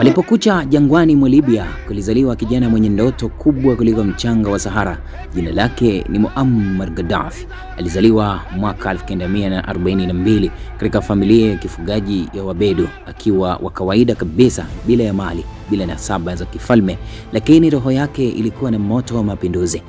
Alipokucha jangwani mwa Libya kulizaliwa kijana mwenye ndoto kubwa kuliko mchanga wa Sahara. Jina lake ni Muammar Gaddafi. Alizaliwa mwaka 1942 katika familia ya kifugaji ya Wabedu, akiwa wa kawaida kabisa, bila ya mali, bila nasaba za kifalme, lakini roho yake ilikuwa na moto wa mapinduzi.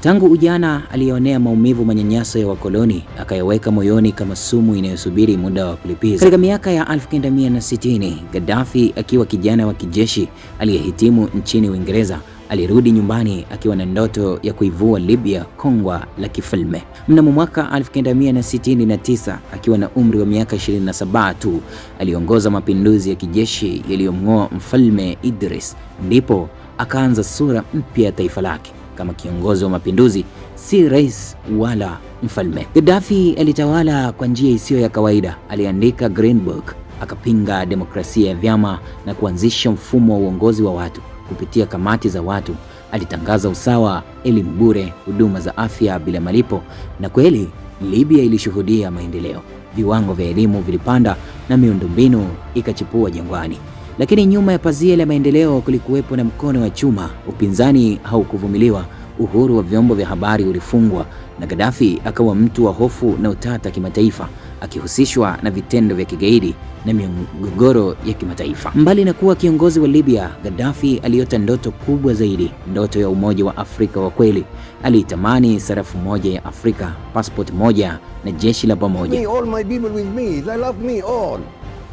Tangu ujana alionea maumivu manyanyaso ya wakoloni akayaweka moyoni kama sumu inayosubiri muda wa kulipiza. Katika miaka ya 1960 Gaddafi akiwa kijana wa kijeshi aliyehitimu nchini Uingereza alirudi nyumbani akiwa na ndoto ya kuivua Libya kongwa la kifalme. Mnamo mwaka 1969 akiwa na umri wa miaka 27 tu aliongoza mapinduzi ya kijeshi yaliyomng'oa mfalme Idris, ndipo akaanza sura mpya ya taifa lake kama kiongozi wa mapinduzi, si rais wala mfalme. Gaddafi alitawala kwa njia isiyo ya kawaida. Aliandika Green Book, akapinga demokrasia ya vyama na kuanzisha mfumo wa uongozi wa watu kupitia kamati za watu. Alitangaza usawa, elimu bure, huduma za afya bila malipo, na kweli Libya ilishuhudia maendeleo. Viwango vya elimu vilipanda na miundombinu ikachipua jangwani. Lakini nyuma ya pazia la maendeleo kulikuwepo na mkono wa chuma. Upinzani haukuvumiliwa, uhuru wa vyombo vya habari ulifungwa na Gaddafi akawa mtu wa hofu na utata kimataifa, akihusishwa na vitendo vya kigaidi na migogoro ya kimataifa. Mbali na kuwa kiongozi wa Libya, Gaddafi aliota ndoto kubwa zaidi, ndoto ya umoja wa Afrika wa kweli. Aliitamani sarafu moja ya Afrika, passport moja na jeshi la pamoja.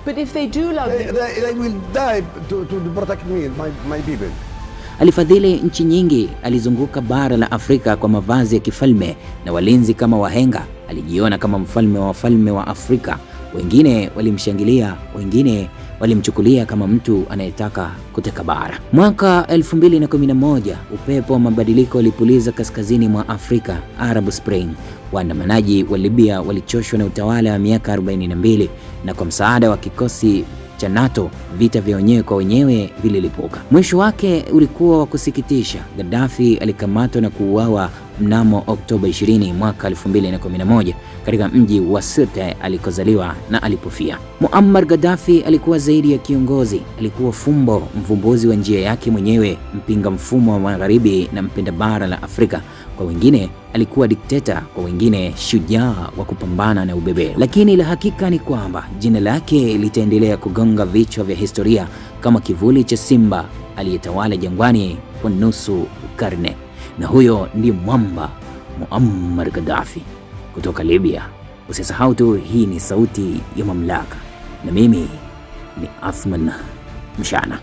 But if they do love me, they, they, they will die to, to protect me, my, my people. Alifadhili nchi nyingi, alizunguka bara la Afrika kwa mavazi ya kifalme na walinzi kama wahenga. Alijiona kama mfalme wa wafalme wa Afrika. Wengine walimshangilia, wengine walimchukulia kama mtu anayetaka kuteka bara. Mwaka 2011 upepo wa mabadiliko ulipuliza kaskazini mwa Afrika, Arab Spring. Waandamanaji wa Libya walichoshwa na utawala wa miaka 42 na kwa msaada wa kikosi cha NATO, vita vya wenyewe kwa wenyewe vililipuka. Mwisho wake ulikuwa wa kusikitisha. Gaddafi alikamatwa na kuuawa mnamo Oktoba 20 mwaka 2011 katika mji wa Sirte alikozaliwa na alipofia. Muammar Gaddafi alikuwa zaidi ya kiongozi, alikuwa fumbo, mvumbuzi wa njia yake mwenyewe, mpinga mfumo wa magharibi na mpenda bara la Afrika. Kwa wengine alikuwa dikteta, kwa wengine shujaa wa kupambana na ubeberu. Lakini la hakika ni kwamba jina lake litaendelea kugonga vichwa vya historia kama kivuli cha simba aliyetawala jangwani kwa nusu karne, na huyo ndiye mwamba Muammar Gaddafi kutoka Libya. Usisahau tu, hii ni Sauti ya Mamlaka na mimi ni Athman Mshana.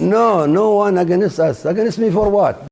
No, no one against us. Against me for what?